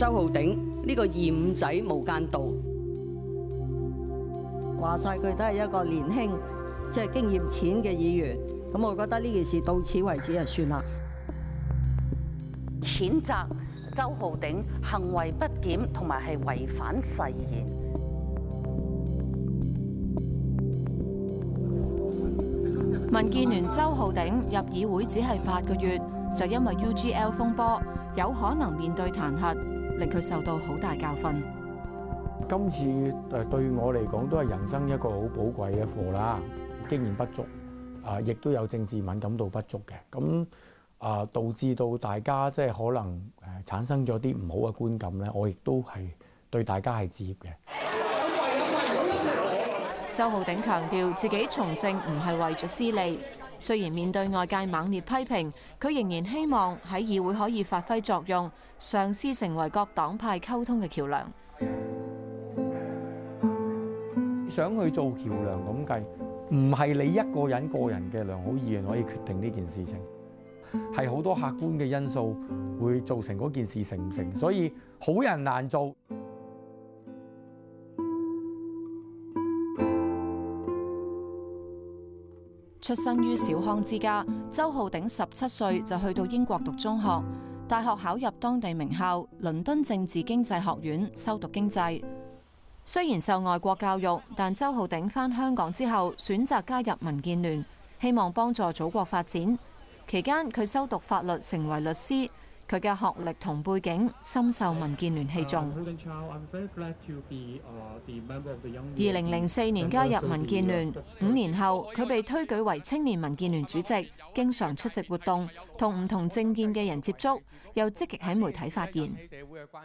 周浩鼎呢個二五仔無間道，話晒佢都係一個年輕即係經驗淺嘅議員，咁我覺得呢件事到此為止就算啦。譴責周浩鼎行為不檢，同埋係違反誓言。民建聯周浩鼎入議會只係八個月，就因為 UGL 風波，有可能面對彈劾。令佢受到好大教訓。今次誒對我嚟講都係人生一個好寶貴嘅課啦。經驗不足，啊，亦都有政治敏感度不足嘅，咁啊，導致到大家即係可能誒產生咗啲唔好嘅觀感咧。我亦都係對大家係致歉嘅。周浩鼎強調自己從政唔係為咗私利。雖然面對外界猛烈批評，佢仍然希望喺議會可以發揮作用，嘗試成為各黨派溝通嘅橋梁。想去做橋梁咁計，唔係你一個人個人嘅良好意願可以決定呢件事情，係好多客觀嘅因素會造成嗰件事成唔成，所以好人難做。出身於小康之家，周浩鼎十七歲就去到英國讀中學，大學考入當地名校倫敦政治經濟學院修讀經濟。雖然受外國教育，但周浩鼎返香港之後，選擇加入民建聯，希望幫助祖國發展。期間佢修讀法律，成為律師。佢嘅學歷同背景深受民建聯器重。二零零四年加入民建聯，五年後佢被推舉為青年民建聯主席，經常出席活動，同唔同政見嘅人接觸，又積極喺媒體發言。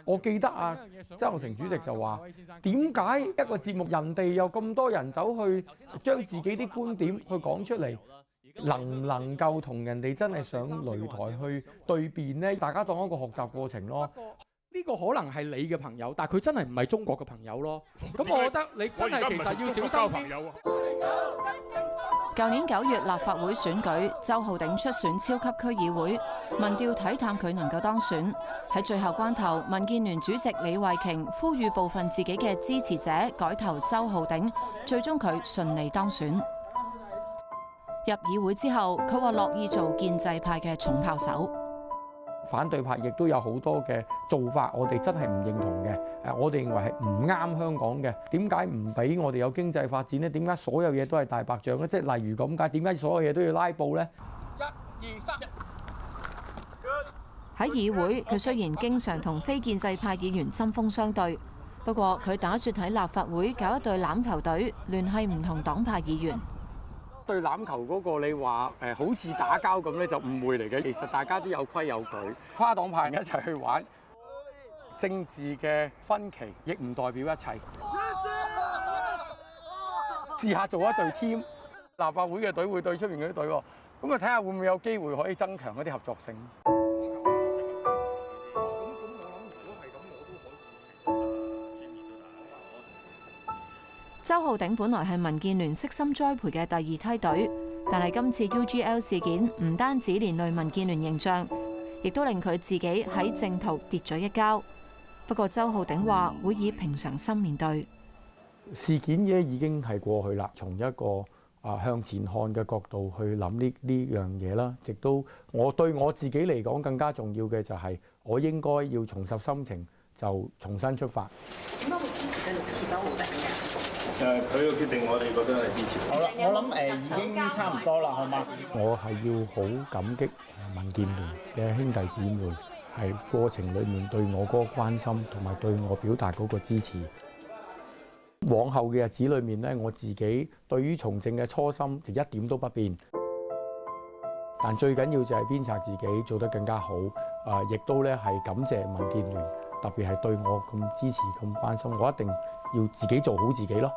我記得啊，周浩鼎主席就話：點解一個節目人哋有咁多人走去將自己啲觀點去講出嚟？能唔能夠同人哋真係上擂台去對辯呢？大家當一個學習過程咯。呢個可能係你嘅朋友，但係佢真係唔係中國嘅朋友咯。咁我覺得你真係，其實要小朋友舊、啊、年九月立法會選舉，周浩鼎出選超級區議會民調，睇淡佢能夠當選。喺最後關頭，民建聯主席李慧瓊呼籲部分自己嘅支持者改投周浩鼎，最終佢順利當選。入議會之後，佢話樂意做建制派嘅重炮手。反對派亦都有好多嘅做法，我哋真係唔認同嘅。誒，我哋認為係唔啱香港嘅。點解唔俾我哋有經濟發展呢？點解所有嘢都係大白象呢？即係例如咁解，點解所有嘢都要拉布呢？一二三。喺議會，佢雖然經常同非建制派議員針鋒相對，不過佢打算喺立法會搞一隊欖球隊，聯繫唔同黨派議員。對籃球嗰個你話好似打交咁咧，就誤會嚟嘅。其實大家都有規有矩，跨黨派人一齊去玩政治嘅分歧，亦唔代表一切。 試下做一隊添，立法會嘅隊會對出面啲隊喎，咁啊睇下會唔會有機會可以增強一啲合作性。周浩鼎本來係民建聯悉心栽培嘅第二梯隊，但係今次 UGL 事件唔單止連累民建聯形象，亦都令佢自己喺正途跌咗一跤。不過周浩鼎話會以平常心面對事件，咧，已經係過去啦。從一個啊向前看嘅角度去諗呢呢樣嘢啦，亦都我對我自己嚟講更加重要嘅就係我應該要重拾心情，就重新出發。點解會支持第六次大會？誒，佢個決定我，我哋覺得係支持。好、呃、啦，我諗已經差唔多啦，好嗎？我係要好感激民建聯嘅兄弟姊妹，係過程裏面對我個關心同埋對我表達嗰個支持。往後嘅日子裏面咧，我自己對於從政嘅初心就一點都不變。但最緊要就係鞭策自己做得更加好。亦、呃、都咧係感謝民建聯，特別係對我咁支持、咁關心，我一定要自己做好自己咯。